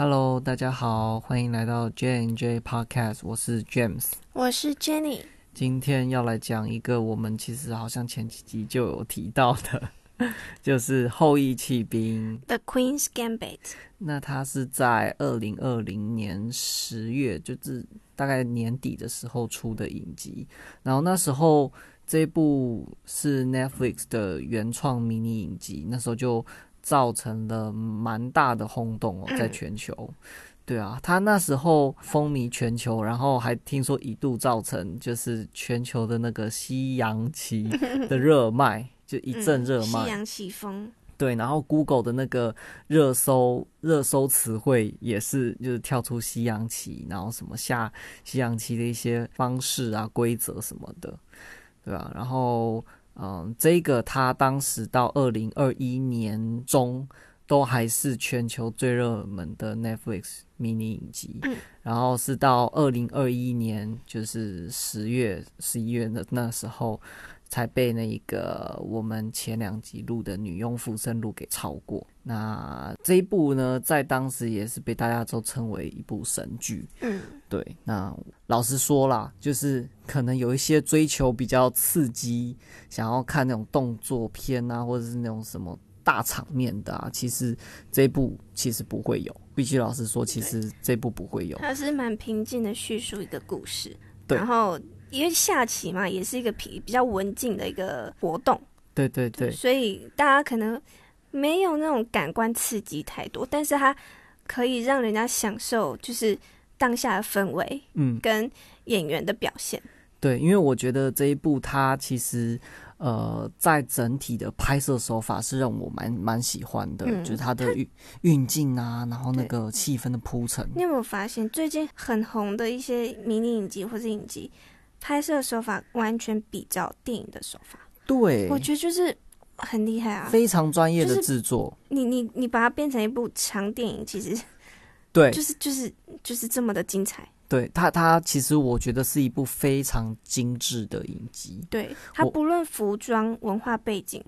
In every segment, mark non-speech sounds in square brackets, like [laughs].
Hello，大家好，歡迎來到 J and J Podcast。我是 James，我是 Jenny。今天要來講一個我們其實好像前幾集就有提到的， [laughs] 就是《後翼棄兵》（The Queen's Gambit）。那它是在二零二零年十月，就是大概年底的時候出的影集。然後那時候這部是 Netflix 的原創迷你影集，那時候就，造成了蠻大的轟動哦，在全球、嗯，對啊，他那時候風靡全球，然後還聽說一度造成就是全球的那個西洋棋的熱賣、嗯，就一陣熱賣。西洋棋風。對，然後 Google 的那個熱搜熱搜詞彙也是就是跳出西洋棋，然後什麼下西洋棋的一些方式啊、規則什麼的，對吧、啊？然後。嗯，這個他當時到二零二一年中都還是全球最熱門的 Netflix 迷你影集，嗯，然後是到二零二一年就是十月、十一月的那時候。才被那一個我們前兩集錄的《女傭浮生錄》給超過。那這一部呢，在當時也是被大家都稱為一部神劇。嗯，對。那老實說啦，就是可能有一些追求比較刺激，想要看那種動作片啊，或者是那種什麼大場面的啊，其實這一部其實不會有。必須老實說，其實這部不會有。它是蠻平靜的敘述一個故事，對，然後。因為下棋嘛，也是一個比比較文靜的一個活動，對對對，對，所以大家可能沒有那種感官刺激太多，但是它可以讓人家享受就是當下的氛圍，嗯，跟演員的表現。嗯，對，因為我覺得這一部它其實呃，在整體的拍攝手法是讓我蠻蠻喜歡的，嗯，就是它的運，它，運鏡啊，然後那個氣氛的鋪陳。你有沒有發現最近很紅的一些迷你影集或是影集？拍攝手法完全比較電影的手法，對，我覺得就是很厲害啊，非常專業的制作。就是、你你你把它變成一部長電影，其實、就是、對，就是就是就是這麼的精彩。對，它它其實我覺得是一部非常精致的影集，對，它不論服裝、文化背景。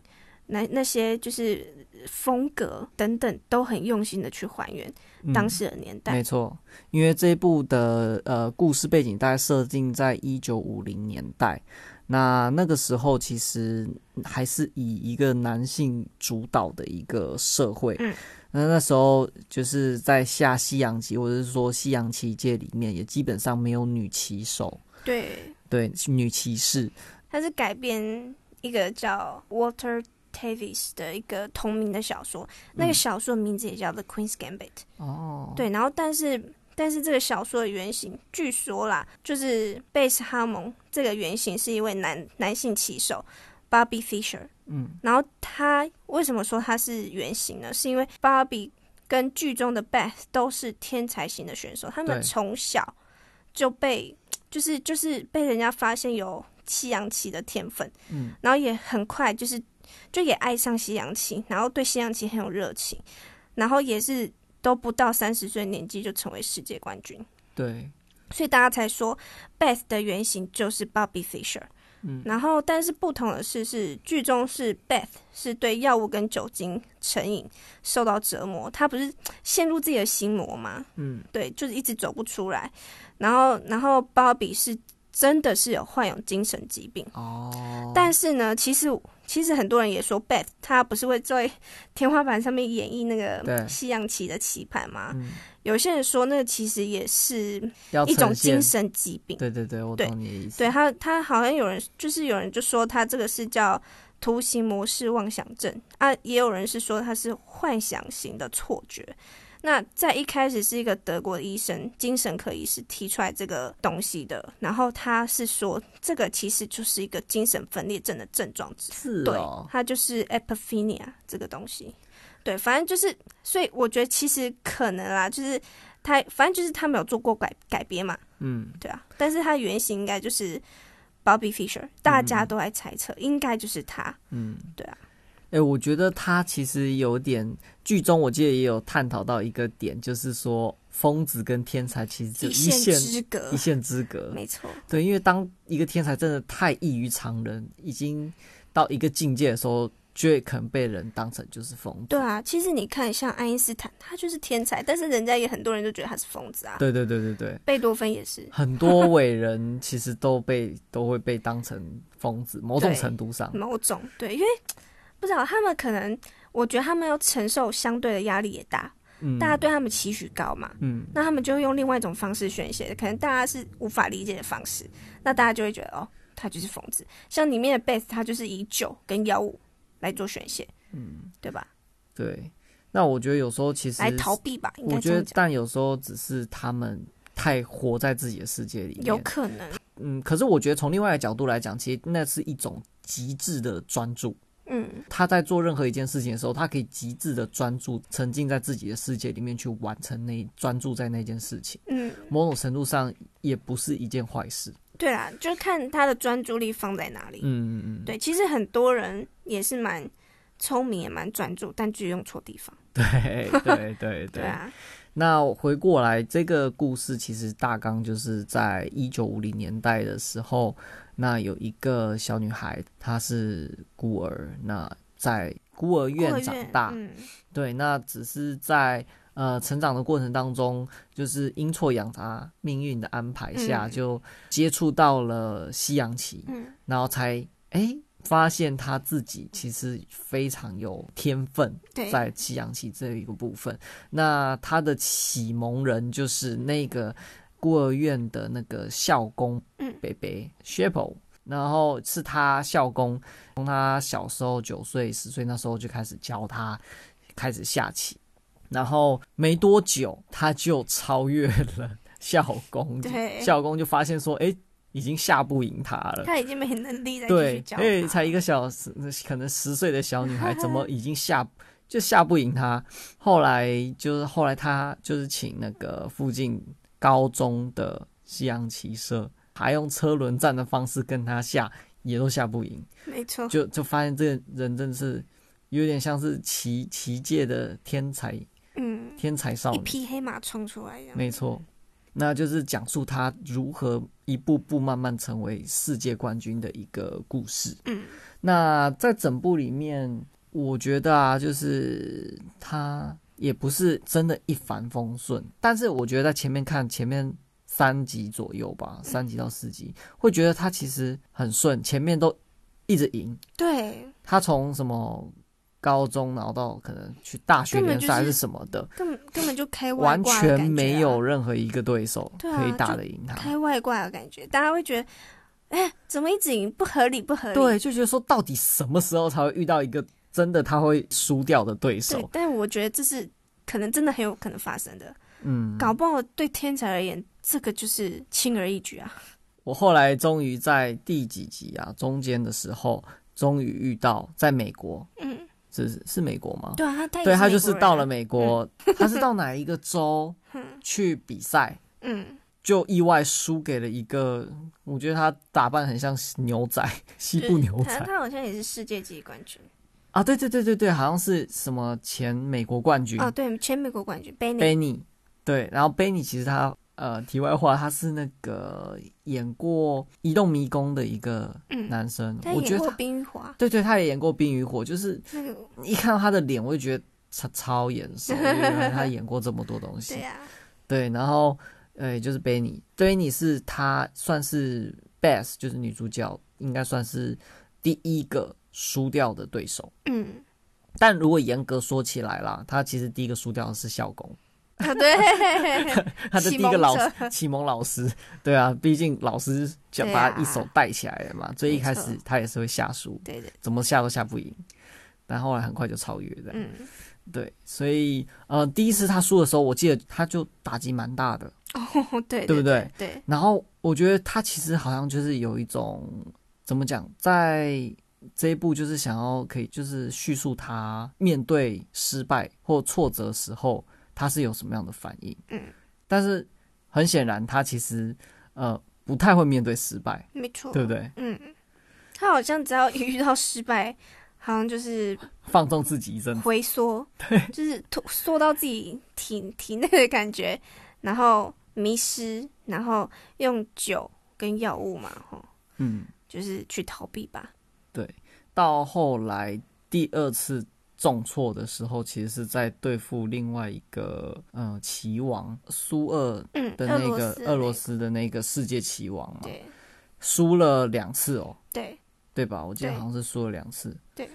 那那些，就是風格等等都很用心的去還原當時的年代，嗯，沒錯。因為這一部的呃故事背景大概設定在一九五零年代，那那個時候其實還是以一個男性主導的一個社會，嗯，那那時候就是在下西洋棋，或者是說西洋棋界裡面也基本上沒有女棋手，對對，女棋士。它是改編一個叫 Water。Tavis 的一個同名的小說，那個小說的名字也叫《The Queen's Gambit》。嗯。哦，對，然後但是但是這個小說的原型，據說啦，就是 Beth Harmon 這個原型是一位男男性棋手 Bobby Fisher。嗯，然後他為什麼說他是原型呢？是因為 Bobby 跟劇中的 Beth 都是天才型的選手，他們從小就被就是就是被人家發現有西洋棋的天分，嗯，然後也很快就是。就也愛上西洋棋，然後對西洋棋很有熱情，然後也是都不到三十歲年紀就成為世界冠軍。對，所以大家才說 Beth 的原型就是 Bobby Fisher。嗯，然後但是不同的是，是劇中是 Beth 是對藥物跟酒精成癮，受到折磨，他不是陷入自己的心魔嗎？嗯，對，就是一直走不出來。然後，然後 Bobby 是真的是有患有精神疾病哦，但是呢，其實。其實很多人也說，Beth 他不是會在天花板上面演繹那個西洋棋的棋盤嗎？嗯？有些人說，那個其實也是一種精神疾病。對對對，我懂你的意思。對，對他，他好像有人就是有人就說他這個是叫圖形模式妄想症啊，也有人是說他是幻想型的錯覺。那在一開始是一個德國醫生，精神科醫師提出來這個東西的。然後他是說，這個其實就是一個精神分裂症的症狀之一。是哦，對，他就是 epiphania 這個東西。對，反正就是，所以我覺得其實可能啦，就是他，反正就是他沒有做過改改編嘛。嗯，對啊。但是他原型應該就是 Bobby Fischer，大家都在猜測，嗯，應該就是他。嗯，對啊。哎、欸，我覺得他其實有點劇中，我記得也有探討到一個點，就是說瘋子跟天才其實就一線之隔，一線之隔，沒錯。對，因為當一個天才真的太異於常人，已經到一個境界的時候，就可能被人當成就是瘋子。對啊，其實你看，像愛因斯坦，他就是天才，但是人家也很多人都覺得他是瘋子啊。對對對對對，貝多芬也是。很多偉人其實都被 [laughs] 都會被當成瘋子，某種程度上。某種，對，因為。不知道他們可能，我覺得他們要承受相對的壓力也大，嗯，大家對他們期許高嘛，嗯，那他們就會用另外一種方式宣洩，嗯，可能大家是無法理解的方式，那大家就會覺得哦，他就是瘋子。像裡面的貝斯，他就是以酒跟藥物來做宣洩，嗯，對吧？對。那我覺得有時候其實來逃避吧，我覺得，但有時候只是他們太活在自己的世界裡面，有可能。嗯，可是我覺得從另外一個角度來講，其實那是一種極致的專注。嗯，他在做任何一件事情的時候，他可以極致的專注，沉浸在自己的世界裡面去完成，那專注在那件事情。嗯，某種程度上也不是一件壞事。對啊，就看他的專注力放在哪裡。嗯嗯嗯。對，其實很多人也是蠻聰明，也蠻專注，但只用錯地方。對對對對， [laughs] 對啊！那回過來這個故事，其實大綱就是在一九五零年代的時候。那有一個小女孩，她是孤兒，那在孤兒院長大，嗯、對，那只是在呃成長的過程當中，就是陰錯陽差命運的安排下，嗯、就接觸到了西洋棋、嗯，然後才哎、欸、發現她自己其實非常有天分，在西洋棋這一個部分。那她的啟蒙人就是那個。孤兒院的那個校工，嗯，北北 Shapiro 然後是他校工，從他小時候九歲、十歲那時候就開始教他，開始下棋，然後沒多久他就超越了校工。對，校工就發現說，哎，已經下不贏他了。他已經沒能力再對，因為、哎、才一個小時，那可能十歲的小女孩怎麼已經下 [laughs] 就下不贏他？後來就是後來他就是請那個附近。高中的西洋棋社還用車輪戰的方式跟他下，也都下不贏。沒錯，就就發現這個人真的是有點像是棋棋界的天才，嗯，天才少女。一匹黑馬衝出來一樣。沒錯，那就是講述他如何一步步慢慢成為世界冠軍的一個故事。嗯，那在整部裡面，我覺得啊，就是他也不是真的一帆風順，但是我覺得在前面看前面三集左右吧，三集到四集，會覺得他其實很順，前面都一直贏。對，他從什麼高中，然後到可能去大學聯賽還是什麼的，根本、就是、根本就開外掛的感覺、啊、完全沒有任何一個對手可以打得贏他，啊、開外掛的感覺，大家會覺得，哎、欸，怎麼一直贏？不合理，不合理，對，就覺得說到底什麼時候才會遇到一個？真的他會輸掉的對手，對，但是我覺得這是可能真的很有可能發生的，嗯，搞不好對天才而言，這個就是輕而易舉啊。我後來終於在第幾集啊，中間的時候，終於遇到在美國，嗯，是是美國嗎？對啊，啊，對，他就是到了美國，嗯、 [laughs] 他是到哪一個州去比賽？嗯，就意外輸給了一個，我覺得他打扮很像牛仔、就是，西部牛仔，他好像也是世界級冠軍。啊，對對對對對，好像是什麼前美國冠軍啊，哦，對，前美國冠軍 Benny，Benny，Benny，對，然後 Benny 其實他呃，題外話，他是那個演過《移動迷宮》的一個男生，嗯，我覺得他，他演過《冰與火》，對對，他也演過《冰與火》，就是一看到他的臉我就覺得超超眼熟，嗯，因為他演過這麼多東西， [laughs] 對、啊、對然後呃就是 Benny，Benny Benny 是他算是 Beth，就是女主角應該算是第一個輸掉的對手，嗯，但如果嚴格說起來啦，他其實第一個輸掉的是校工，啊、對， [laughs] 他的第一個老師、啟蒙、啟蒙老師，對啊，畢竟老師想把他一手帶起來的嘛，所以、啊、一開始他也是會下輸，對，怎麼下都下不贏，但後來很快就超越，嗯，對，所以呃，第一次他輸的時候，我記得他就打擊蠻大的，哦，對，對，對，對不對？對，對，對，然後我覺得他其實好像就是有一種、嗯、怎麼講在。這一步就是想要可以，就是敘述他面對失敗或挫折的時候，他是有什麼樣的反應。嗯，但是很顯然，他其實呃不太會面對失敗，沒錯，對不對？嗯，他好像只要一遇到失敗，好像就是放縱自己一，真、嗯、的回縮，對，就是縮到自己體體內的感覺，然後迷失，然後用酒跟藥物嘛，嗯，就是去逃避吧。到後來第二次重挫的時候，其實是在對付另外一個嗯，棋王、呃、蘇俄的那個、嗯、俄羅斯的那個世界棋王嘛，輸了兩次哦，對對吧？我記得好像是輸了兩次，對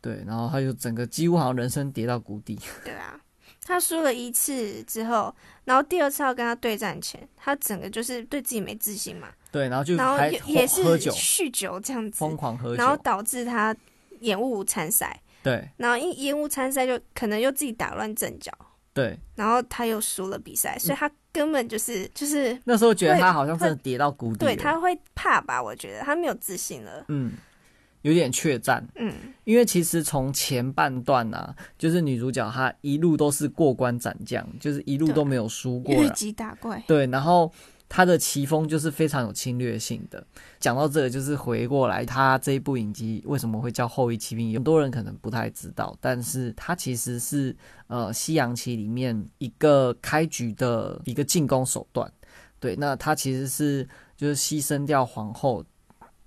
對，然後他就整個幾乎好像人生跌到谷底，對啊。他輸了一次之後，然後第二次要跟他對戰前，他整個就是對自己沒自信嘛。對，然後就然後也是酗酒，喝酒這樣子瘋狂喝，然後導致他延誤參賽。對，然後一延誤參賽就可能又自己打亂陣腳。對，然後他又輸了比賽，嗯，所以他根本就是就是那時候覺得他好像是跌到谷底。對，他會怕吧？我覺得他沒有自信了。嗯。有點怯戰，嗯，因為其實從前半段啊，就是女主角她一路都是過關斬將，就是一路都沒有輸過，啊。對，打怪。對，然後她的棋風就是非常有侵略性的。講到這個，就是回過來，她這一部影集為什麼會叫後《後翼棄兵》？有很多人可能不太知道，但是她其實是呃西洋棋裡面一個開局的一個進攻手段。對，那她其實是就是犧牲掉皇後。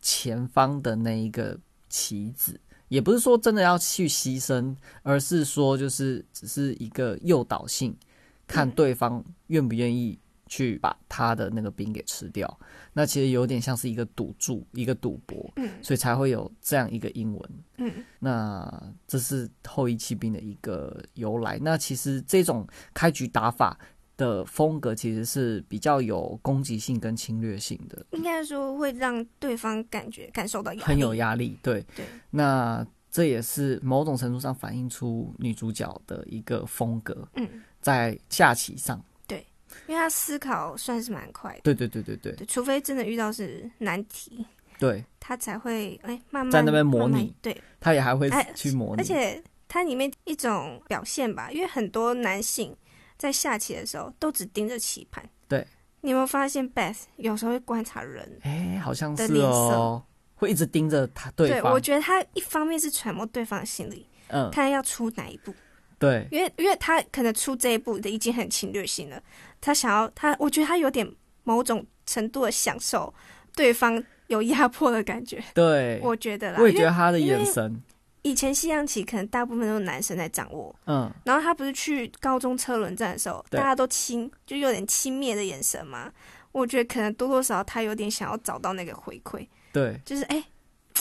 前方的那一個棋子，也不是說真的要去犧牲，而是說就是只是一個誘導性，看對方願不願意去把他的那個兵給吃掉。那其實有點像是一個賭注，一個賭博，嗯，所以才會有這樣一個英文，嗯，那這是後翼棄兵的一個由來。那其實這種開局打法，的風格其實是比較有攻擊性跟侵略性的，應該說會讓對方感覺感受到壓力，很有壓力，對對。那這也是某種程度上反映出女主角的一個風格，嗯，在下棋上，對，因為她思考算是蠻快的，對對對對對。除非真的遇到是難題，對他才會哎、欸、慢慢在那邊模擬，對，他也還會去模擬，而且它裡面一種表現吧，因為很多男性。在下棋的時候，都只盯着棋盤。對，你有沒有發現 Beth 有時候會觀察人？哎、欸，好像是哦，會一直盯着他對方。對，我覺得他一方面是揣摩對方的心理，嗯，看要出哪一步。對，因為因為他可能出這一步的已經很侵略性了，他想要他，我覺得他有點某種程度的享受對方有壓迫的感覺。對，我覺得啦，我也覺得他的眼神。以前西洋棋可能大部分都是男生在掌握，嗯，然後他不是去高中車輪戰的時候，大家都輕，就有點輕蔑的眼神嘛。我覺得可能多多少少他有點想要找到那個回饋，對，就是哎、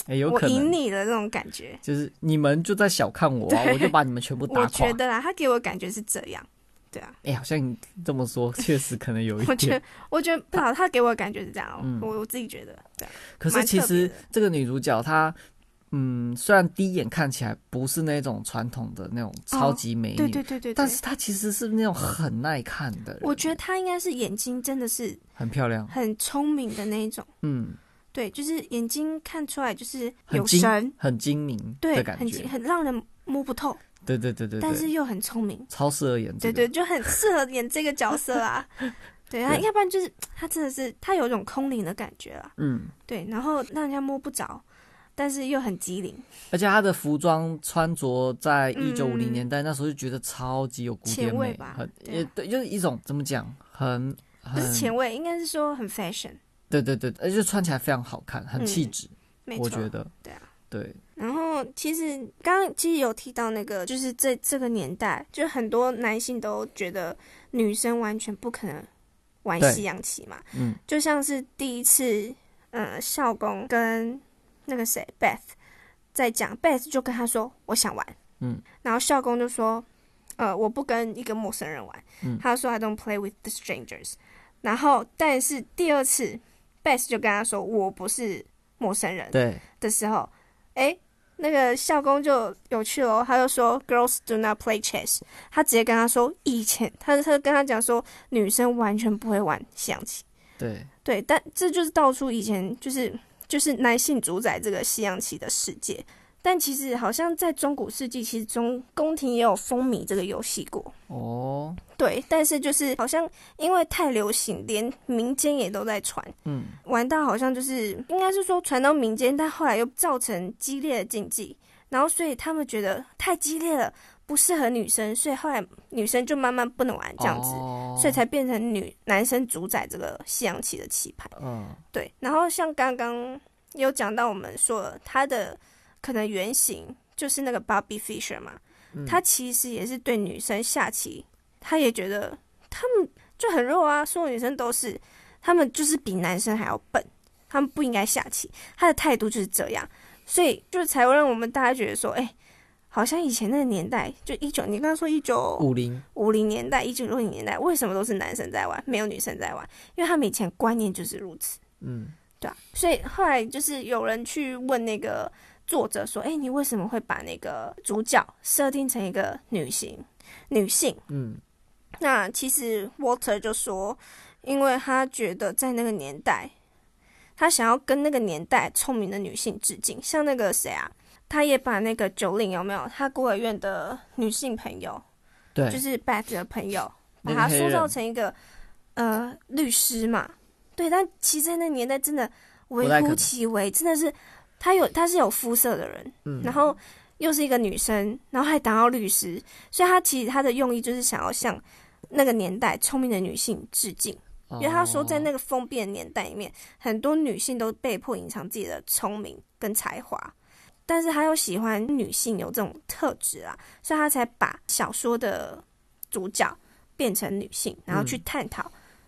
欸欸，我贏你的那種感覺，就是你們就在小看我、啊，我就把你們全部打垮。我覺得啊，他給我感覺是這樣，對啊。哎、欸，好像你這麼說，確實可能有一點。 [laughs] 我覺得，我覺得不好、他給我的感覺是這樣、哦，我、嗯、我自己覺得，對。可是其實這個女主角她。嗯，雖然第一眼看起來不是那種傳統的那種超級美女，哦、對，對對對對，但是她其實是那種很耐看的人。我覺得她應該是眼睛真的是很漂亮，很聰明的那一種。嗯，對，就是眼睛看出來就是有神，很精，很精明的感覺，對，很很讓人摸不透。對對對對，對，但是又很聰明，超適合演這個。對，對對，就很適合演這個角色啦。 [laughs] 對，他要不然就是他真的是他有一種空靈的感覺啦。嗯，對，然後讓人家摸不着，但是又很機靈，而且他的服裝穿着在一九五零年代、嗯、那時候就覺得超級有古典美前衛吧，很對、啊、也對，就是一種怎麼講，很很是前衛，應該是說很 fashion。對對對，而且穿起來非常好看，很氣質、嗯，我覺得。對啊，對。然後其實剛剛其實有提到那個，就是這這個年代，就很多男性都覺得女生完全不可能玩西洋棋嘛，嗯，就像是第一次，嗯、呃，校工跟。那個誰，Beth，在講，Beth 就跟他說：“我想玩。”嗯，然後校工就說：“呃，我不跟一個陌生人玩。”嗯，他說 I don't play with the strangers。然後，但是第二次，Beth 就跟他說：“我不是陌生人。”對。的時候，誒、欸，那個校工就有趣了，他就說：“Girls do not play chess。”他直接跟他說：“以前，他他就跟他講說，女生完全不會玩象棋。”對。對，但這就是道出以前就是。就是男性主宰這個西洋棋的世界，但其實好像在中古世紀，其中，宮廷也有風靡這個遊戲過哦。對，但是就是好像因為太流行，連民間也都在傳。嗯，玩到好像就是應該是說傳到民間，但後來又造成激烈的競技，然後所以他們覺得太激烈了。不適合女生，所以後來女生就慢慢不能玩這樣子，oh. 所以才變成女男生主宰這個西洋棋的棋盤。Oh. 對，然後像剛剛有講到，我們說他的可能原型就是那個 Bobby Fischer 嘛、嗯，他其實也是對女生下棋，他也覺得他們就很弱啊，所有女生都是，他們就是比男生還要笨，他們不應該下棋，他的態度就是這樣，所以就是才會讓我們大家覺得說，誒、欸。好像以前那個年代，就一九，你剛剛說一九五零五零年代，一九六零年代，為什麼都是男生在玩，沒有女生在玩？因為他們以前觀念就是如此，嗯，對啊，所以後來就是有人去問那個作者說：“哎、欸，你為什麼會把那個主角設定成一個女性？女性？”嗯，那其實 Walter 就說，因為他覺得在那個年代，他想要跟那個年代聰明的女性致敬，像那個誰啊？他也把那個 Jolene，有沒有，他孤兒院的女性朋友，對，就是 Beth 的朋友，把他塑造成一個、那個、呃律師嘛，對，但其實在那年代真的微乎其微，真的是他有他是有膚色的人，嗯，然後又是一個女生，然後還當到律師，所以他其實他的用意就是想要向那個年代聰明的女性致敬。哦，因為他說在那個封閉的年代裡面，很多女性都被迫隱藏自己的聰明跟才華。但是他又喜歡女性有這種特質啊，所以他才把小說的主角變成女性，然後去探討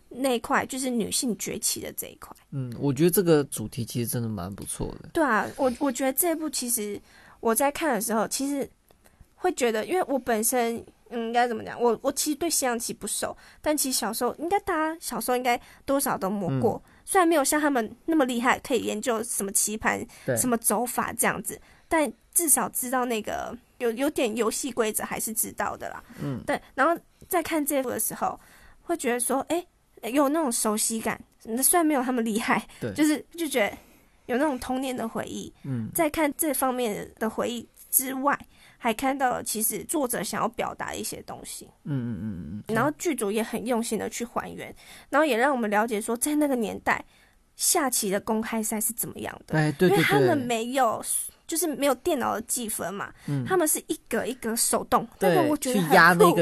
那一塊，就是女性崛起的這一塊。嗯，我覺得這個主題其實真的蠻不錯的。對啊，我我覺得這一部其實我在看的時候，其實會覺得，因為我本身嗯應該怎麼講，我我其實對西洋棋不熟，但其實小時候應該大家小時候應該多少都摸過。嗯雖然沒有像他們那麼厲害，可以研究什麼棋盤、什麼走法這樣子，但至少知道那個有有點遊戲規則還是知道的啦。嗯，對。然後在看這部的時候，會覺得說，哎、欸，有那種熟悉感。雖然沒有他們厲害，對，就是就覺得有那種童年的回憶。嗯，在看這方面的回憶之外。還看到了其實作者想要表達一些東西，嗯嗯嗯嗯，然後劇組也很用心的去還原，然後也讓我們了解說在那個年代下棋的公開賽是怎麼樣的，哎，對對，因為他們沒有就是沒有電腦的記分嘛，他們是一格一格手動，對對，我覺得很酷，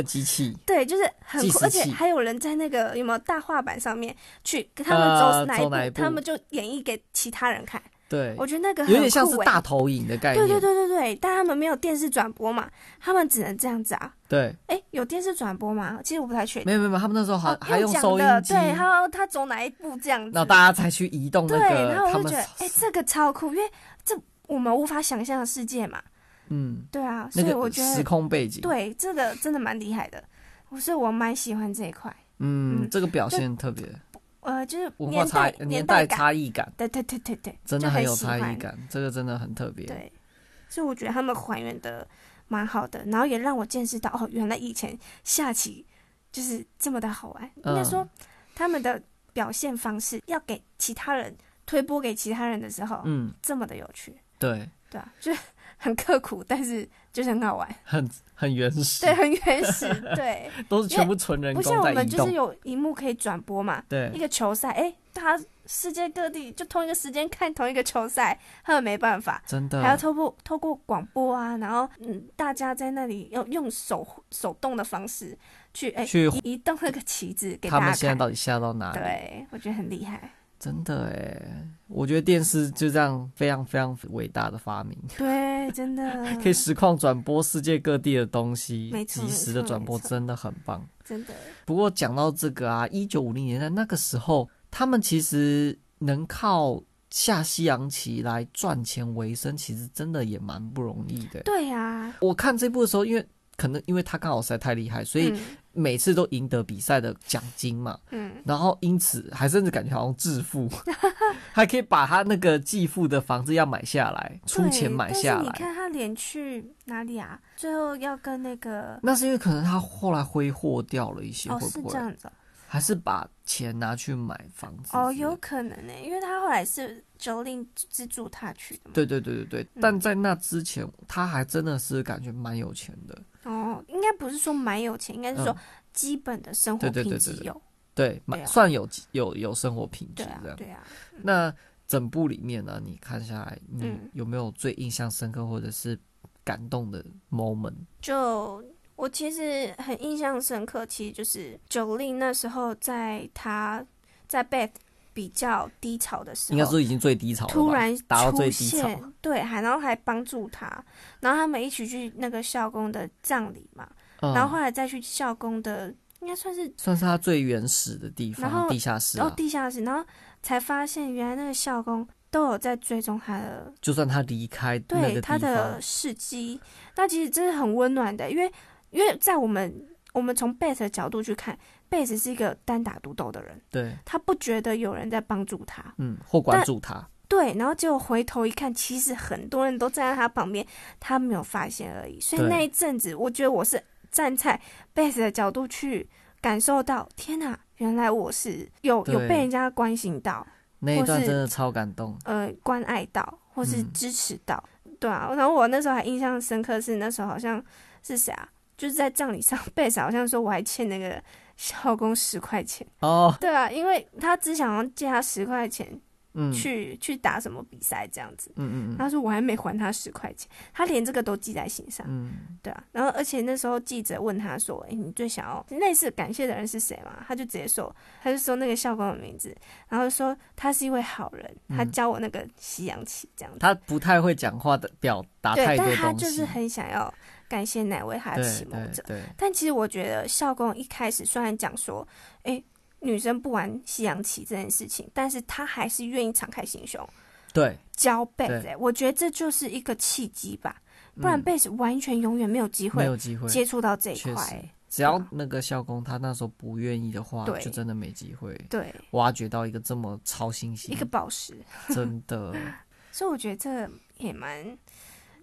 對，就是很酷。而且還有人在那個有沒有大畫板上面去，跟他們走哪一步，他們就演繹給其他人看。對，我覺得那個很、欸、有點像是大投影的概念。對對對對對，但他們沒有電視轉播嘛，他們只能這樣子啊。對，哎、欸，有電視轉播嗎？其實我不太確定。沒有沒有，他們那時候好還、哦、還用收音機，對，然後他走哪一步這樣子，然後大家才去移動那個。對，然後我就覺得，哎、欸，這個超酷，因為這我們無法想象的世界嘛。嗯，對啊，所以我覺得、那個、時空背景，對這個真的蠻厲害的，所以我蠻喜歡這一塊、嗯。嗯，這個表現特別。呃，就是年代年代，年代差異感，對對對對對，真的就很有差異感，這個真的很特別。對，所以我覺得他們還原的蠻好的，然後也讓我見識到哦，原來以前下棋就是這麼的好玩。應、嗯、該說他們的表現方式，要給其他人推播給其他人的時候，嗯，這麼的有趣。對，對啊，就是。很刻苦，但是就是很好玩。很很原始，對，很原始，對。 [laughs] 都是全部純人工在移動。不像我們，就是有熒幕可以轉播嘛。對。一個球賽，哎、欸，大家世界各地就同一個時間看同一個球賽，他們沒辦法，真的，還要透過透過廣播啊，然後嗯，大家在那裡要用手手動的方式去哎、欸、去移動那個旗子，給大家看。他們現在到底下到哪裡？對，我覺得很厲害。真的哎，我覺得電視就這樣非常非常偉大的發明。對，真的 [laughs] 可以實況轉播世界各地的東西，沒錯。及時的轉播真的很棒。真的。不過講到這個啊，一九五零年代那個時候，他們其實能靠下西洋棋來賺錢為生，其實真的也蠻不容易的。對啊，我看這部的時候，因為可能因為他剛好實在太厲害，所以。嗯每次都贏得比賽的獎金嘛，嗯，然後因此還甚至感覺好像致富，還可以把他那個繼父的房子要買下來，出錢買下來。你看他連去哪裡啊？最後要跟那個……那是因為可能他後來揮霍掉了一些，會不會這樣子？還是把錢拿去買房子是不是哦，有可能呢？欸，因為他後來是 Jolene 資助他去的。對對對對對，嗯，但在那之前，他還真的是感覺蠻有錢的。哦，應該不是說蠻有錢，應該是說基本的生活品質有，嗯對對對對，對，對啊，算有有有生活品質的。對啊，對啊，嗯，那整部裡面呢，啊，你看下來，你有沒有最印象深刻或者是感動的 moment？就。我其實很印象深刻，其實就是 Jolene 那時候在他在 Beth 比較低潮的時候，應該說已經最低潮了，突然出現，對，還然後還幫助他，然後他們一起去那個校工的葬禮嘛、嗯，然後後來再去校工的，應該算是算是他最原始的地方，地下室、啊，然、哦、後地下室，然後才發現原來那個校工都有在追蹤他的，就算他離開那個地方，對他的事跡，那其實真的很溫暖的，因為。因為在我們我們從貝斯的角度去看，貝斯是一個單打獨鬥的人，對，他不覺得有人在幫助他，嗯，或關注他，對，然後就回頭一看，其實很多人都站在他旁邊，他沒有發現而已。所以那一陣子，我覺得我是站在貝斯的角度去感受到，天哪，啊，原來我是有有被人家關心到或是，那一段真的超感動，呃，關愛到，或是支持到，嗯，對啊。然後我那時候還印象深刻是那時候好像是誰啊？就是在葬禮上，貝斯好像說我還欠那個校工十塊錢哦，對啊，因為他只想要借他十塊錢，嗯，去去打什麼比賽這樣子，嗯嗯，嗯，他說我還沒還他十塊錢，他連這個都記在心上，嗯，對啊，然後而且那時候記者問他說，誒、欸，你最想要類似感謝的人是誰嘛？他就直接說，他就說那個校工的名字，然後說他是一位好人，嗯、他教我那個西洋棋這樣子，他不太會講話的表達太多東西，對，但他就是很想要。感謝哪位他的啟蒙者，對對對。但其實我覺得校工一開始雖然講說，哎、欸，女生不玩西洋棋這件事情，但是他還是願意敞開心胸，對教 base、欸。我覺得這就是一個契機吧，不然 base、嗯、完全永遠沒有機會，沒有機會接觸到這一塊。只要那個校工他那時候不願意的話，就真的沒機會，對挖掘到一個這麼超新星一個寶石。 [laughs] 真的，所以我覺得這也蠻。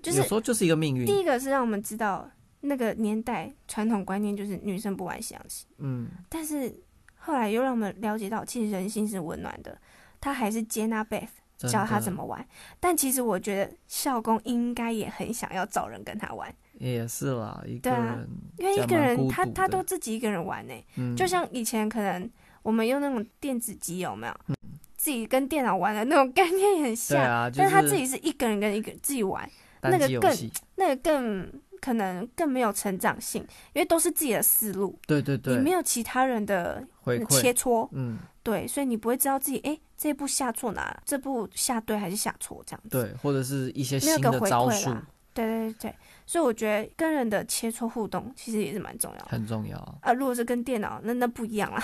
就是、有時候就是一個命運。第一個是讓我們知道那個年代傳統觀念就是女生不玩西洋棋，嗯，但是後來又讓我們了解到，其實人性是溫暖的，他還是接納 Beth 教他怎麼玩。但其實我覺得校工應該也很想要找人跟他玩，也是啦，一個人，對啊，因為一個人他他，他都自己一個人玩呢、欸嗯，就像以前可能我們用那種電子機有沒有、嗯，自己跟電腦玩的那種概念很像，對啊就是、但他自己是一個人跟一個人自己玩。那個更那個更可能更沒有成長性，因為都是自己的思路，對對，對你沒有其他人的切磋，嗯，對，所以你不會知道自己哎這步下錯哪，這步下，下對還是下錯這樣子，對，或者是一些新的招數，那個回饋啦，對，對對對，所以我覺得跟人的切磋互動其實也是蠻重要的，很重要啊，如果是跟電腦那那不一樣啦，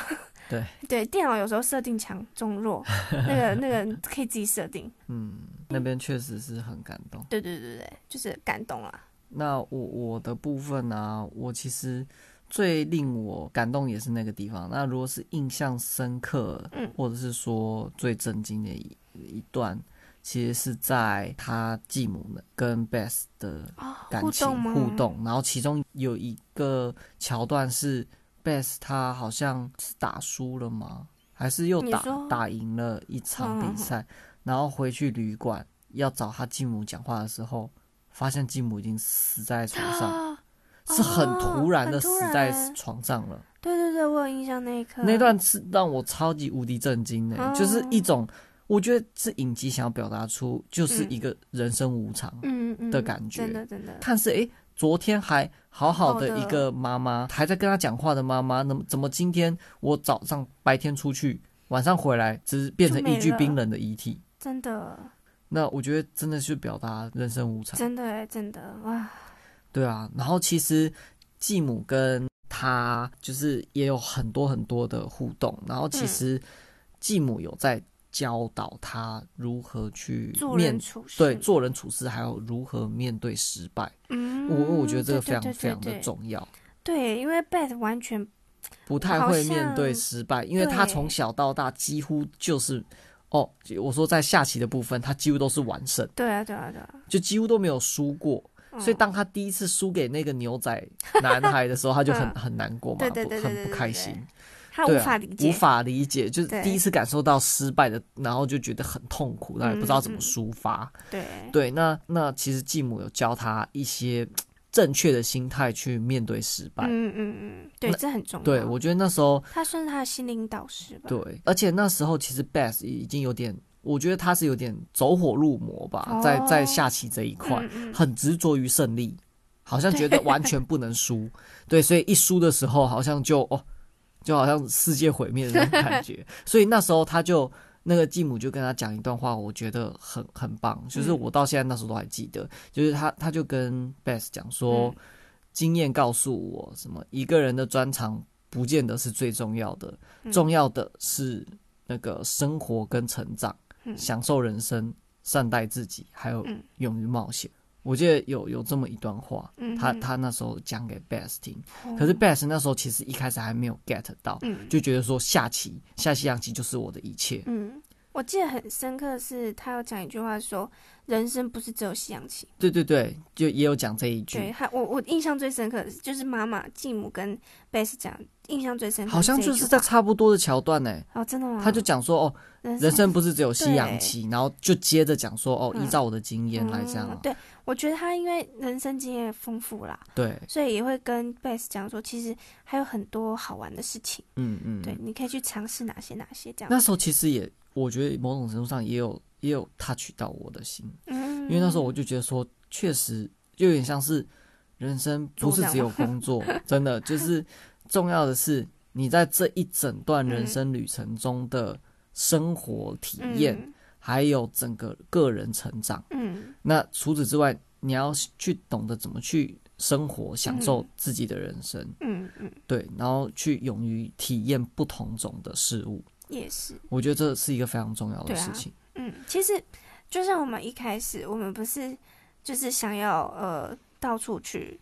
對 [laughs] 對，電腦有時候設定強中弱， [laughs] 那個那個可以自己設定，嗯。那邊確實是很感動、嗯，對對對對，就是感動了、啊。那我我的部分呢、啊，我其實最令我感動也是那個地方。那如果是印象深刻，嗯，或者是說最震驚的一一段，其實是在他繼母呢跟 Bess 的感情互動、哦互動。然後其中有一個橋段是 Bess 他好像是打輸了嗎，還是又打打贏了一場比賽？嗯嗯然後回去旅館要找他繼母講話的時候，發現繼母已經死在床上，哦、是很突然的死在床上了。對對對，我有印象那一刻。那段是讓我超級無敵震驚的、欸哦，就是一種我覺得是影集想要表達出就是一個人生無常的感覺，真、嗯、的、嗯嗯、真的。看似哎，昨天還好好的一個媽媽，哦、還在跟他講話的媽媽，怎麼怎麼今天我早上白天出去，晚上回來，只是變成一具冰冷的遺體。真的，那我覺得真的是表達人生無常。真的哎，真的哇！對啊，然後其實繼母跟他就是也有很多很多的互動，然後其實繼母有在教導他如何去面對對，對，做人處事，人處事還有如何面對失敗。嗯，我我覺得這個非常對對對對對對非常的重要。對，因為 Beth 完全不太會面對失敗，因為他從小到大幾乎就是。哦、oh，我說在下棋的部分，他幾乎都是完勝。對啊，對啊，對啊，就幾乎都沒有輸過、哦。所以當他第一次輸給那個牛仔男孩的時候， [laughs] 他就很很難過嘛， [laughs] 對啊，不，很不開心。對對對對對對，對啊。他無法理解，無法理解，就是第一次感受到失敗的，然後就覺得很痛苦，然後也不知道怎麼抒發。嗯嗯。對。對，那那其實繼母有教他一些。正確的心態去面對失敗，嗯嗯嗯，對，這很重要。對，我覺得那時候他算是他的心靈導師吧。對，而且那時候其實 Beth 已經有點，我覺得他是有點走火入魔吧，哦、在在下棋這一塊、嗯嗯，很執着於勝利，好像覺得完全不能輸。對，對，所以一輸的時候，好像就哦，就好像世界毀滅的那種感覺。 [laughs] 所以那時候他就。那個繼母就跟他講一段話，我覺得很很棒，就是我到現在那時候都還記得，嗯、就是他他就跟 Beth 講說，嗯、經驗告訴我什麼，一個人的專長不見得是最重要的，嗯、重要的是那個生活跟成長、嗯，享受人生，善待自己，還有勇於冒險。我記得有有這麼一段話，他他那時候講給 Beth 聽、嗯，可是 Beth 那時候其實一開始還沒有 get 到，嗯、就覺得說下棋下西洋棋就是我的一切。嗯我記得很深刻，是他要講一句話說，說人生不是只有西洋棋。對對對，就也有講這一句。對，還我我印象最深刻的是就是媽媽繼母跟貝斯講，印象最深刻。好像就是在差不多的橋段呢。哦，真的嗎？他就講說哦人，人生不是只有西洋棋，然後就接着講說哦、嗯，依照我的經驗來講、啊，嗯、對，我覺得他因為人生經驗豐富啦，對，所以也會跟貝斯講說，其實還有很多好玩的事情。嗯嗯，對，你可以去嘗試哪些哪些這樣。那時候其實也。我覺得某種程度上也有也有 touch 到我的心，因為那時候我就覺得說，確實就有點像是人生不是只有工作，真的就是重要的是你在這一整段人生旅程中的生活體驗，還有整個個人成長。嗯，那除此之外，你要去懂得怎麼去生活，享受自己的人生。嗯嗯，對，然後去勇於體驗不同種的事物。也是，我覺得這是一個非常重要的事情啊。嗯，其實就像我們一開始，我們不是就是想要呃到處去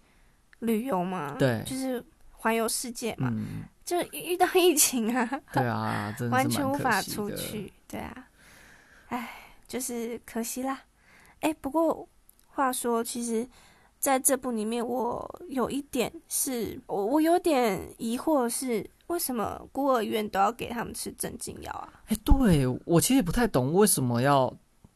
旅遊嘛，對，就是環遊世界嘛，嗯。就遇到疫情啊，對啊，完全無法出去。對啊，哎，就是可惜啦。哎、欸，不過話說，其實在這部裡面，我有一點是我我有點疑惑是。為什麼孤兒院都要給他們吃鎮靜藥啊？哎、欸，對我其實也不太懂為什麼要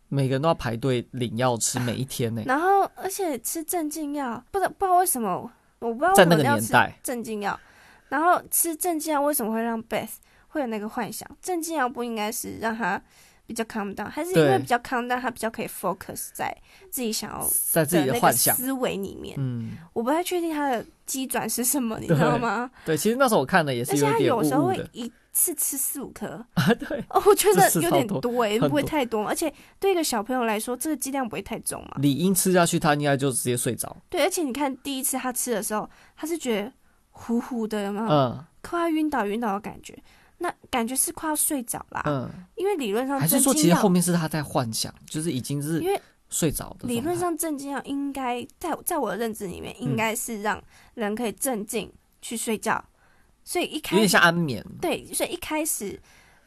每個人都要排隊領藥吃每一天呢、欸啊？然後而且吃鎮靜藥，不不不知道為什麼，我不知道為什麼要吃鎮靜藥，在那個年代，然後吃鎮靜藥為什麼會讓貝斯會有那個幻想？鎮靜藥不應該是讓他？比較 calm down，還是因為比較 calm down，他比較可以 focus 在自己想要那個，在自己的幻想思維裡面。嗯，我不太確定他的機轉是什麼，你知道嗎？對，其實那時候我看的也是有點霧霧的。而且他有時候會一次吃四五顆啊， [laughs] 對，哦，我覺得有點多哎，不會太多、多。而且對一個小朋友來說，這個劑量不會太重嘛？理應吃下去，他應該就直接睡着。對，而且你看第一次他吃的時候，他是覺得糊糊的嘛，嗯，快暈倒暈倒的感覺。那感覺是快要睡着啦，嗯，因為理論上還是說，其實後面是他在幻想，就是已經是因為睡着的。理論上，鎮靜藥應該在在我的認知裡面，應該是讓人可以鎮靜去睡覺。嗯，所以一開始有點像安眠。對，所以一開始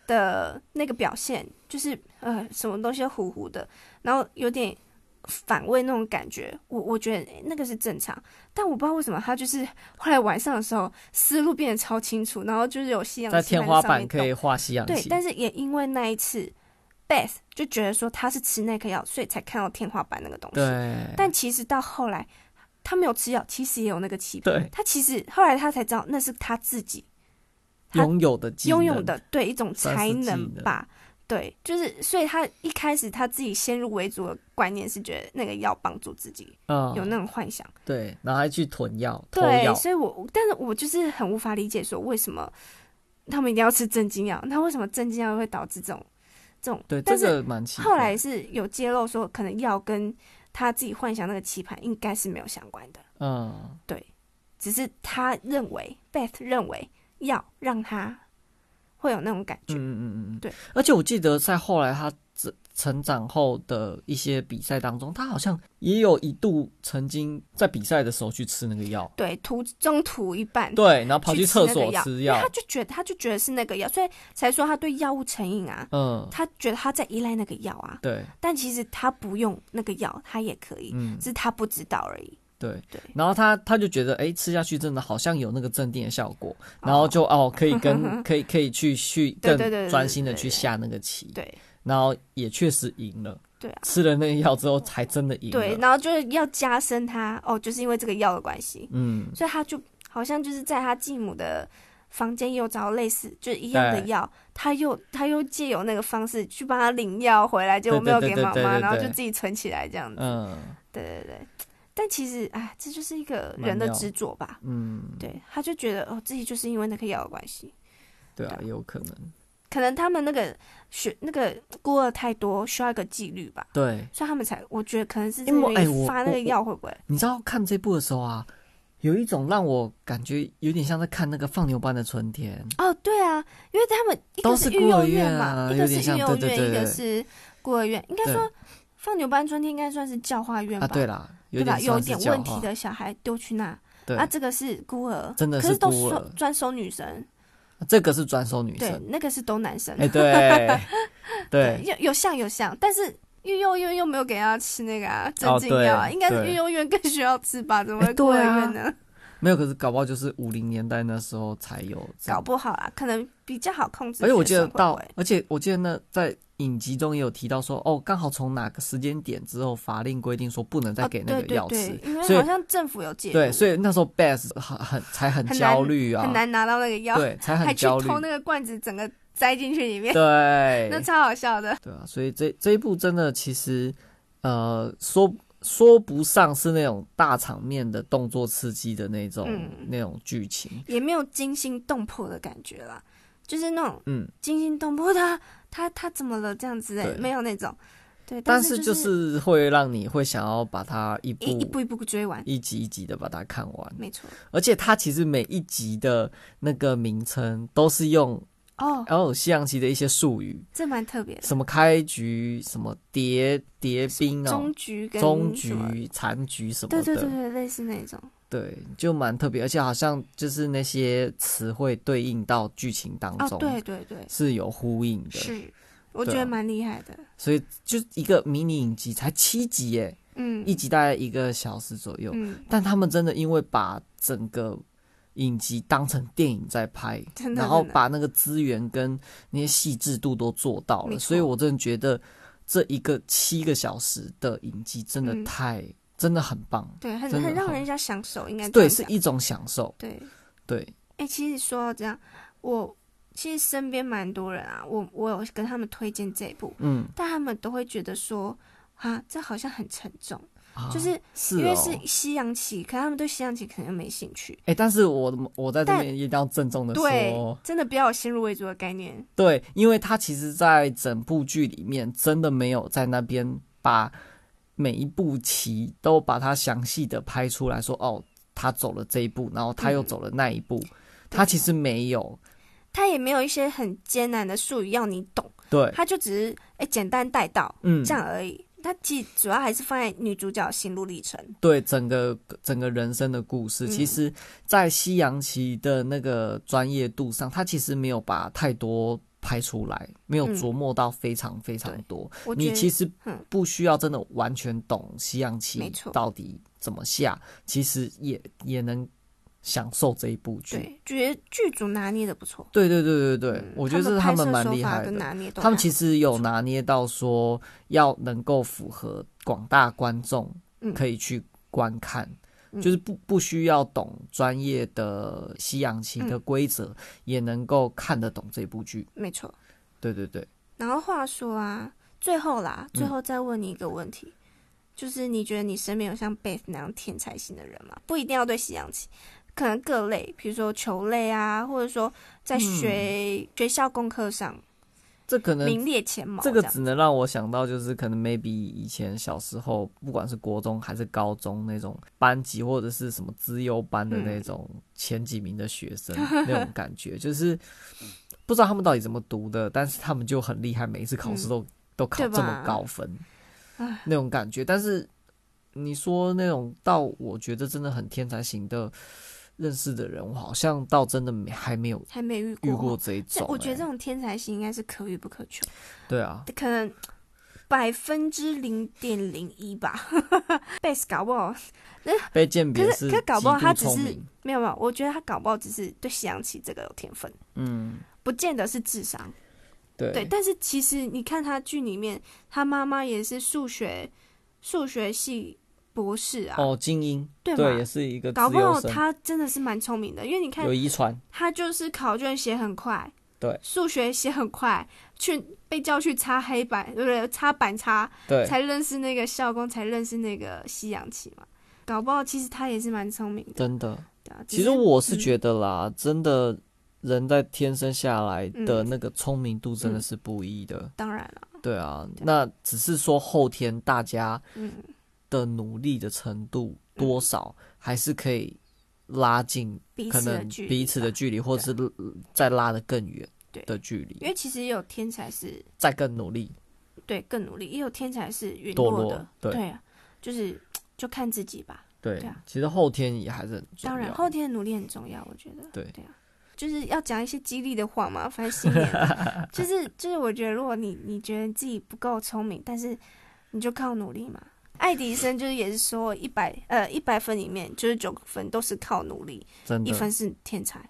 的那個表現就是呃，什麼東西都糊糊的，然後有點。反胃那種感覺，我我覺得、欸、那個是正常，但我不知道為什麼他就是後來晚上的時候思路變得超清楚，然後就是有西洋棋在，在天花板可以畫西洋棋，對。但是也因為那一次，Beth 就覺得說他是吃那顆藥，所以才看到天花板那個東西。對。但其實到後來，他沒有吃藥，其實也有那個期，對。他其實後來他才知道，那是他自己擁有，有的、擁有的，對一種才能吧。對，就是所以他一開始他自己先入為主的觀念是覺得那個藥幫助自己，嗯，有那種幻想，對，然後去囤藥，對，所以我，但是我就是很無法理解，說為什麼他們一定要吃鎮靜藥？那為什麼鎮靜藥會導致這種這種？對，但是蠻。後來是有揭露說，可能藥跟他自己幻想那個棋盤應該是沒有相關的，嗯，對，只是他認為，Beth 認為藥讓他。會有那種感覺，嗯嗯嗯，對。而且我記得在後來他成成長後的一些比賽當中，他好像也有一度曾經在比賽的時候去吃那個藥。對，途中途一半，對，然後跑去廁所吃藥。他就覺得他就覺得是那個藥，所以才說他對藥物成癮啊。嗯，他覺得他在依賴那個藥啊。對，但其實他不用那個藥，他也可以，只、嗯、是他不知道而已。對，然後他他就覺得哎、欸，吃下去真的好像有那個鎮定的效果，然後就哦，哦可以跟可以可以去去更專心的去下那個棋，對，對，然後也確實贏了，對啊，吃了那個藥之後才真的贏。對，對，對，對，對，然後就是要加深他哦，就是因為這個藥的關係，嗯，所以他就好像就是在他繼母的房間又找類似就一樣的藥，他又他又借由那個方式去幫他領藥回來，結果沒有給媽媽，然後就自己存起來這樣子，對對對，對，對。嗯對對對對對。但其實，哎，這就是一個人的執着吧。嗯，對，他就覺得哦，自己就是因為那個藥的關係、啊。對啊，有可能。可能他們那個學那個孤兒太多，需要一個紀律吧。對，所以他們才，我覺得可能是因為我發那個藥會不會、欸？你知道看這部的時候啊，有一種讓我感覺有點像在看那個《放牛班的春天》。哦，對啊，因為他們一個是育都是孤兒院嘛、啊，一個是幼兒院對對對對對，一個是孤兒院，應該說《放牛班春天》應該算是教化院吧。啊，對啦。對吧？有點問題的小孩丟去那，對啊，這個是孤兒，真的是都收，專收女生。啊、這個是專收女生，對，那個是都男生。哎、欸，對，對，有像有像，但是幼兒園又，又，又，又沒有給他吃那個鎮靜藥啊，哦、真應該是幼兒園更需要吃吧？對怎麼會幼兒園呢、欸啊？沒有，可是搞不好就是五零年代那時候才有，搞不好啊，可能比較好控制會會。而、欸、且我記得到，而且我記得那在。影集中也有提到說，哦，剛好從哪個時間點之後，法令規定說不能再給那個藥吃，哦。因為好像政府有介入。對，所以那時候 Bass 很很才很焦慮啊很，很難拿到那個藥，對，才很焦慮，還去偷那個罐子，整個栽進去裡面，對，那超好笑的。對啊，所以這這一部真的其實，呃，說說不上是那種大場面的動作刺激的那種，嗯、那種劇情，也沒有驚心動魄的感覺啦，就是那種嗯驚心動魄的。嗯他他怎麼了？這樣子、欸、沒有那種，對。但是就是會讓你會想要把它一一,一步一步追完，一集一集的把它看完，沒錯。而且它其實每一集的那個名稱都是用哦，然、哦、後西洋棋的一些術語，這蠻特別的。什麼開局？什麼疊疊兵啊？中、哦、局跟中局殘局什麼的？對對對對，類似那種。對，就蠻特別，而且好像就是那些詞彙對應到劇情當中。啊，對對對，是有呼應的。是，我覺得蠻厲害的。啊，所以就一個迷你影集才七集耶，嗯，一集大概一個小時左右。嗯，但他們真的因為把整個影集當成電影在拍，真的真的，然後把那個資源跟那些細緻度都做到了，所以我真的覺得這一個七個小時的影集真的太、嗯。真的很棒，對，很很，很讓人家享受，應該對，是一種享受，對對。哎、欸，其實說到這樣，我其實身邊蠻多人啊，我我有跟他們推薦這一部，嗯，但他們都會覺得說，啊，這好像很沉重，啊、就是因為是西洋棋、哦，可他們對西洋棋可能沒興趣。哎、欸，但是我我在這邊一定要鄭重的說，真的不要有先入為主的概念。對，因為他其實，在整部劇裡面，真的沒有在那邊把。每一步棋都把它詳細的拍出來說，哦，他走了這一步，然後他又走了那一步，嗯、他其實沒有，他也沒有一些很艱難的術語要你懂，對，他就只是哎、欸、簡單帶到，嗯，這樣而已。他其實主要還是放在女主角心路歷程，對整個整個人生的故事。嗯、其實，在西洋棋的那個專業度上，他其實沒有把太多。拍出來，沒有琢磨到非常非常多，嗯，你其實不需要真的完全懂西洋棋到底怎麼下，其實也也能享受這一部劇。覺得劇組拿捏的不錯，對對對對對，嗯，我覺得這是他們蠻厲害的，他們拍攝手法跟拿捏都拿捏得不錯，他們其實有拿捏到說要能夠符合廣大觀眾可以去觀看。嗯嗯、就是不不需要懂專業的西洋棋的規則、嗯，也能夠看得懂這部劇。沒錯，對對對。然後話說啊，最後啦，最後再問你一個問題，嗯、就是你覺得你身邊有像 Beth 那樣天才型的人嗎？不一定要對西洋棋，可能各類，比如說球類啊，或者說在學、嗯、學校功課上。這可能名列前茅。這個只能讓我想到，就是可能 maybe 以前小時候，不管是國中還是高中那種班級，或者是什麼資優班的那種前幾名的學生，那種感覺，就是不知道他們到底怎麼讀的，但是他們就很厲害，每一次考試都都考這麼高分，那種感覺。但是你說那種到我覺得真的很天才型的認識的人，我好像倒真的沒還沒有，還沒遇過遇過這一種、欸。我覺得這種天才型應該是可遇不可求。對啊，可能百分之零點零一吧。貝斯 [laughs] 搞不好，被鑑別是，可是，可是搞不好他只是沒有沒有。我覺得他搞不好只是對西洋棋這個有天分，嗯，不見得是智商。對，對但是其實你看他劇裡面，他媽媽也是數學數學系。博士啊，哦，精英，對，也是一個，搞不好他真的是蠻聰明的，因為你看，有遺傳，他就是考卷寫很快，對，數學寫很快，去被叫去擦黑板，不、呃、對，擦板擦，對，才認識那個校工，才認識那個西洋棋嘛，搞不好其實他也是蠻聰明的，真的、啊，其實我是覺得啦，嗯、真的，人在天生下來的那個聰明度真的是不一的、嗯嗯，當然了，對啊對，那只是說後天大家，嗯。的努力的程度多少、嗯，還是可以拉近彼此的距離。可能彼此的距離、啊，或者是再拉得更遠的距離。因為其實也有天才是在更努力，對，更努力也有天才是隕落的，落對啊，就是就看自己吧對。對啊，其實後天也還是很重要當然，後天的努力很重要，我覺得對對啊，就是要講一些激勵的話嘛，反正 [laughs] 就是就是我覺得，如果你你覺得自己不夠聰明，但是你就靠努力嘛。愛迪生就是也是說，一百呃一百分裡面就是九分都是靠努力，真的，一分是天才，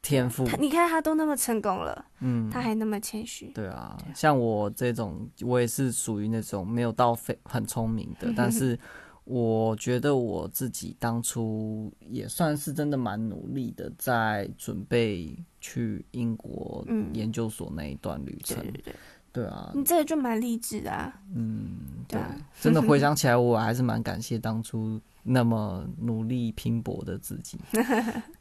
天賦，嗯。你看他都那麼成功了，嗯，他還那麼謙虛。對啊，像我這種，我也是屬於那種沒有到非很聰明的，但是我覺得我自己當初也算是真的蠻努力的，在準備去英國研究所那一段旅程。嗯，對對對。對啊，你這個就蠻勵志的啊。嗯，對，真的回想起來，我還是蠻感謝當初那麼努力拼搏的自己。 [laughs]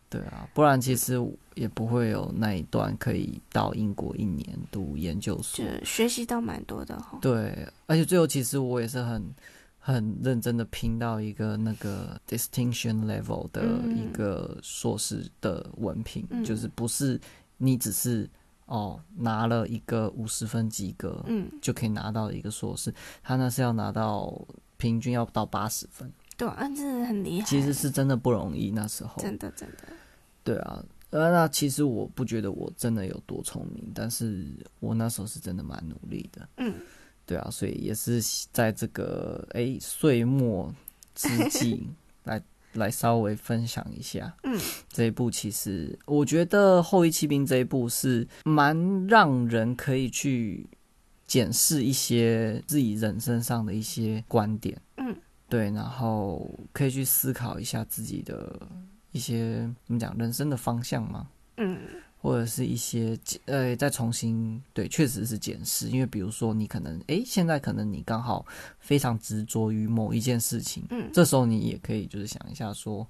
對啊，不然其實也不會有那一段可以到英國一年讀研究所，學習到蠻多的哈、哦。對，而且最後其實我也是很很認真的拼到一個那個 distinction level 的一個碩士的文憑，嗯，就是不是你只是。哦，拿了一個五十分及格，嗯，就可以拿到一個碩士。他那是要拿到平均要到八十分，對啊，真的很厲害。其實是真的不容易，那時候真的真的，對啊，呃，那其實我不覺得我真的有多聰明，但是我那時候是真的蠻努力的，嗯，對啊，所以也是在這個哎、欸、歲末之際來。 [laughs] 來稍微分享一下，嗯，這一部其實我覺得《後翼棄兵》這一部是蠻讓人可以去檢視一些自己人生上的一些觀點，嗯，對，然後可以去思考一下自己的一些怎麼講人生的方向嘛，嗯。或者是一些呃，再重新對，確實是檢視，因為比如說你可能誒，現在可能你剛好非常執着於某一件事情，嗯，這時候你也可以就是想一下說，說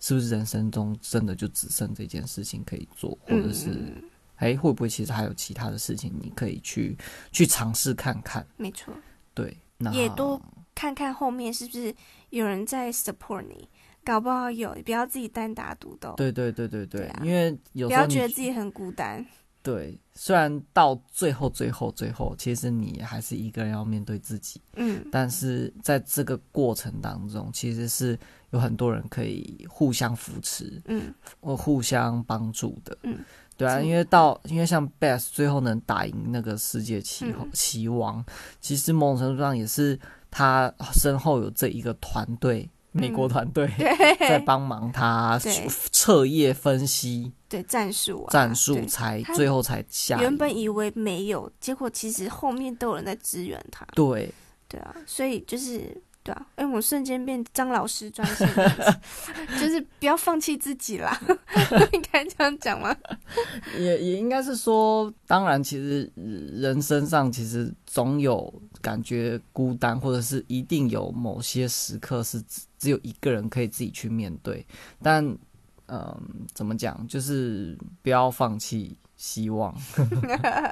是不是人生中真的就只剩這件事情可以做，或者是、嗯、誒，會不會其實還有其他的事情你可以去去嘗試看看？沒錯，對，那也多看看後面是不是有人在 support 你。搞不好有，你不要自己單打獨鬥。對對對對對、啊，因為有時候不要覺得自己很孤單。對，雖然到最後、最後、最後，其實你還是一個人要面對自己。嗯，但是在這個過程當中，其實是有很多人可以互相扶持，嗯，或互相幫助的。嗯，對啊，因為到、嗯、因為像 Beth 最後能打贏那個世界棋王、嗯、棋王，其實某種程度上也是他身後有這一個團隊。美國團隊、嗯、在幫忙他，徹夜分析對，對戰術，戰術、啊、才最後才下。原本以為沒有，結果其實後面都有人在支援他。對，對啊，所以就是。哎、欸，我瞬間變張老師專線， [laughs] 就是不要放棄自己啦， [laughs] 應該這樣講嗎？也也應該是說，當然，其實人身上其實總有感覺孤單，或者是一定有某些時刻是只有一個人可以自己去面對。但嗯，怎麼講，就是不要放棄希望。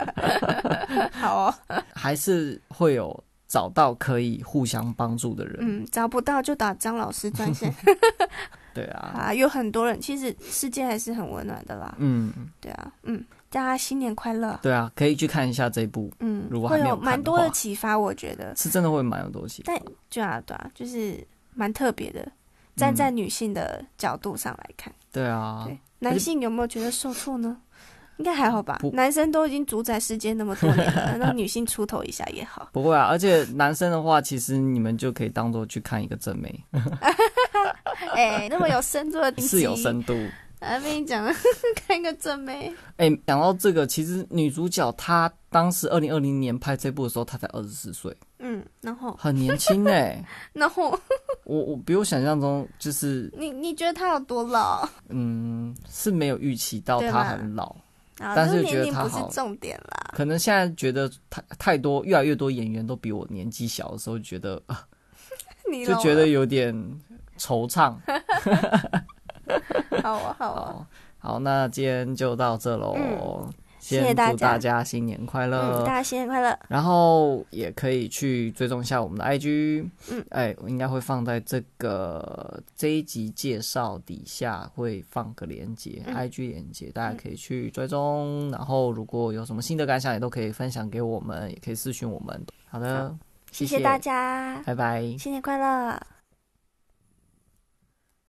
[laughs] 好、哦，還是會有。找到可以互相幫助的人。嗯，找不到就打張老師專線。 [laughs] [laughs] 對啊，啊，有很多人，其實世界還是很溫暖的啦。嗯，對啊，嗯，大家新年快樂。對啊，可以去看一下這一部。嗯，如果還有會有蠻多的啟發，我覺得是真的會蠻有多啟發但。對啊，對啊，就是蠻特別的，站在女性的角度上來看，嗯。對啊，對，男性有沒有覺得受挫呢？ [laughs] 應該還好吧。不，男生都已經主宰世界那麼多年了， [laughs] 讓女性出頭一下也好。不會啊，而且男生的話，其實你們就可以當做去看一個正妹。哎、 [laughs] [laughs] 欸，那麼有深度的弟弟是有深度。我給你講，看一個正妹。哎、欸，講到這個，其實女主角她當時二零二零年拍這部的時候，她才二十四歲。嗯，然後很年輕哎、欸。 [laughs] 然後我我比我想象中就是你你覺得她有多老？嗯，是沒有預期到她很老。但是覺得他好重點啦，可能現在覺得太太多，越來越多演員都比我年紀小的時候，覺得就覺得有點惆悵，啊 [laughs] 啊啊。好啊好，好啊，好，那今天就到這嘍。嗯謝謝大家，新年快樂！新年快樂！然後也可以去追蹤一下我們的 IG，嗯，哎，我應該會放在這個這一集介紹底下會放個鏈接，嗯，IG 鏈接大家可以去追蹤，嗯。然後如果有什麼新的感想也都可以分享給我們，也可以私信我們。好的，好，謝謝，謝謝大家，拜拜，新年快樂！